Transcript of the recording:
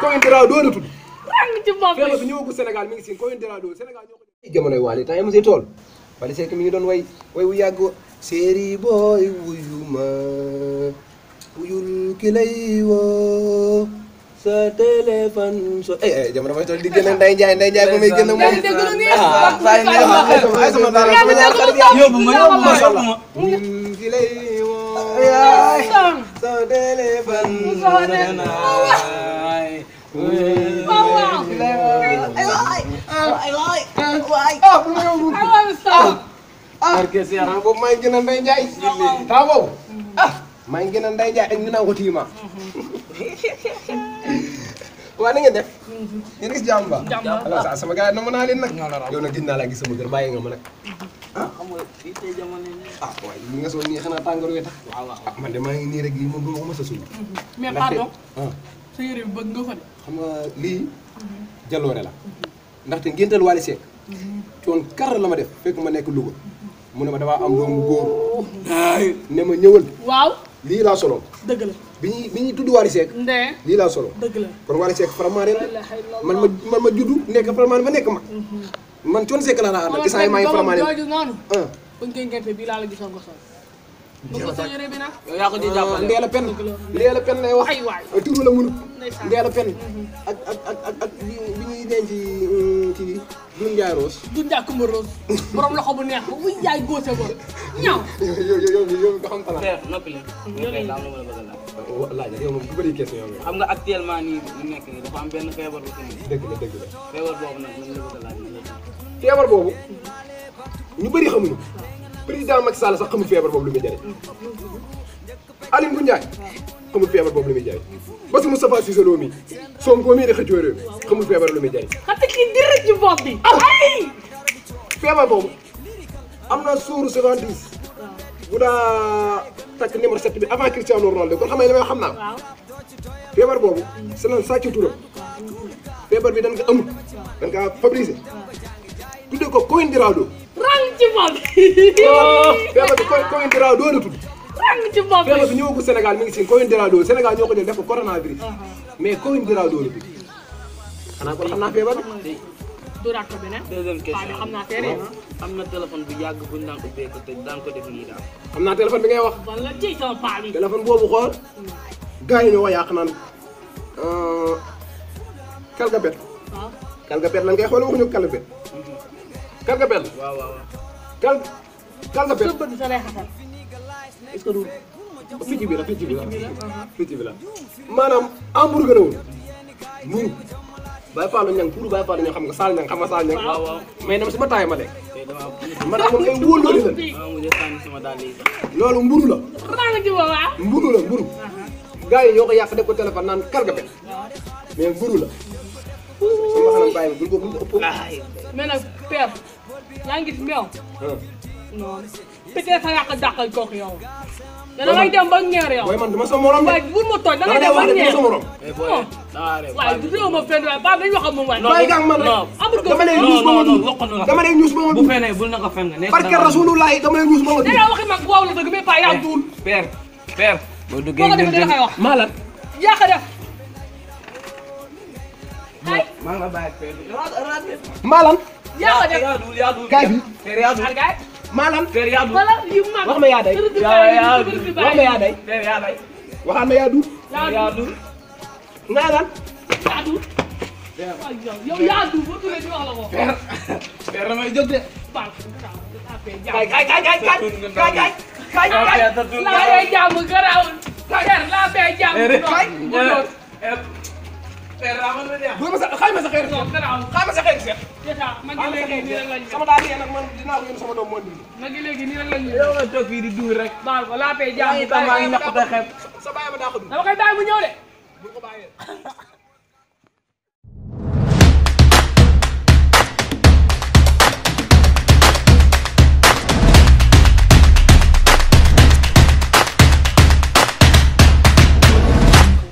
Coen Dara Dóo la tudd. rang ci bopp bi fi ñëwagul Sénégal mi ngi si Coen Dara Dóo Sénégal ñoo ko. jamonoy waale temps yi mu siy tool Wally Seck mi ngi doon way way wu yàgg séeri booy wuyuma wuyul ki lay woo sa téléphone so eh, eh jamono may toll di génne Ndeye Ndiaye Ndeye Ndiaye ba muy génne moom ah saa yi nii wax ay sama daal sama ñaar xarit yaa yóbbu ma yóbbu ma yóbbu ma ki lay woo sa téléphone barke si maa gën a ndey njaay temps ah maa ngi gën a ndey njaay ak ñu na ngeen def yéen gis jàmm ba alors sama gars yi namm naa leen nag yow nag gis laa gis sama kër bàyyi nga ma nag ah nga ah, soog nii xanaa tàngoor wi tax ah, man de maa ngi nii rek lii moom duma ko mos mhm. mais pardon ah. sa yére bi bëgg nga lii mhm. jaloore la ndaxte ngéntal Wally Seck mhm. coon kar la ma def fekk ma nekk Louga mun ne ma damaa am doomu góor. ne ma ñëwal. waaw lii laa solo. dëgg bi ñuy bi ñuy tudd Wally seek ndee lii laa solo. dëgg la kon Wally Seck faramaare la man ma man ma juddu nekk faramaare ma nekk ma mhm. man Thione Seck laa la àndal. isaay maa ngi faramaare. moom nag doomu jooju noonu. Ah. gerte bii laa la gisoon ko sol. bëgg sa bi nag. yow yaa ko ndeela pen ndeela pen la mënut. ndeela pen ak ak ak ak bi ñuy denc mm, kii Doudou Ndiaye Rose. Doudou Ndiaye Coumba Rose borom bu neex ba muy jaay góose góor ñaaw. yow yow yow yow nga xam talaa. père noppi la. ñooñu la oh, laaj yow moom bu bëri question xam nga actuellement nii mu nekk am benn feebar bu fi nekk. dëgg la dëgg la. feebar boobu nag ñu a laaj. feebar boobu ñu bëri xamuñu. président Macky Sall sax xamul feebar boobu lu muy jëriñ Aly Ngouille Ndiaye xamul feebar boobu lu muy jëriñ Bassirou Moustapha Cissé Lo mi Sonko mii di xëccoo réew xamul lu muy jëriñ. xam bi. ay ah! feebar boobu am na suuru 70 bu daa takk numéro 7 bi avant Cristiano Ronaldo kon xam nga li xam naa feebar boobu c'est lan sàcc turam feebar bi dañ ko amul dañ kaa fabriqué tuddee ko Coindirado. ci bopp bi. Ah, feebar bi Coronavirus doo la tudd. rang ci bopp bi feebar bi ñëwagul Sénégal mi ngi si Coronavirus Sénégal ñoo ko jël def ko coronavirus. Uh-huh. mais Coronavirus doo la tudd. kon xam naa feebar bi. dóoraat ko beneen. xam naa tere ah. am na téléphone bu yàgg bu ñu daan ko def xam naa téléphone bi ngay wax. wala boobu xool. gars yi ñoo yàq naan. kalgabet. Euh, waaw ah. kalgabet lan xool waxuñu kalgabet. kalgabet. Mm-hmm. waaw kan kan nga bëgg sa lay xatal est-ce que du picc bi la picc bi la picc bi la maanaam hamburger wul mu Baye Fallou Niang pour Baye Fallou Niang xam nga Sall Niang xam nga Sall Niang mais dama ma taay ma lekk man ak moom ay wóolu la loolu mburu la mburu la mburu gars yi ñoo ko yàq def ko téléphone naan karga bet mais mburu la sama xanam bàyyi yaa ngi gis meew. non pété sa yàq dàqal kooku yow. da ngay dem ba ñeer yow. booy man dama sa morom de. waaye bu ma tooñ da ngay dem ba ñeer dama morom. Eh, waaye du réew ma fenn waaye baax dañu wax ak moom waaye. bàyyi nga man rek. amul ko dama lay ñuus ba ma dugg dama lay ñuus ba ma dugg. bu fenee bul na ko fen nga nekk parce que rasulullah dama lay ñuus ba ma dugg. dina waxi mag waaw la dëgg mais pas yaa duul. Eh, père père. boo duggee ñu def maa la. yaa ko def. ay maa la bàyyi père. maalan yaa ko def yaa dul yaa dul. feer yaa dul maanaam. feer yaa dul wax ma yaa day. yaa laa bee jàmm garaawul. xeer laa mën na neex. bu ma sa xayma sa xeer. non dara amul xayma sa xeer seex. man gi léegi nii rek lañ sama daal yéen nag man dinaa ko yónni sama doom moo indi. man gi léegi nii rek lañ ñu. yow nga toog fii di duur rek. baal ko laa fee jaamu. maa ngi tàmbaay ñaq sa bàyyi ma daa ko dugg. dama koy bàyyi mu ñëw de. bu ko bàyyee.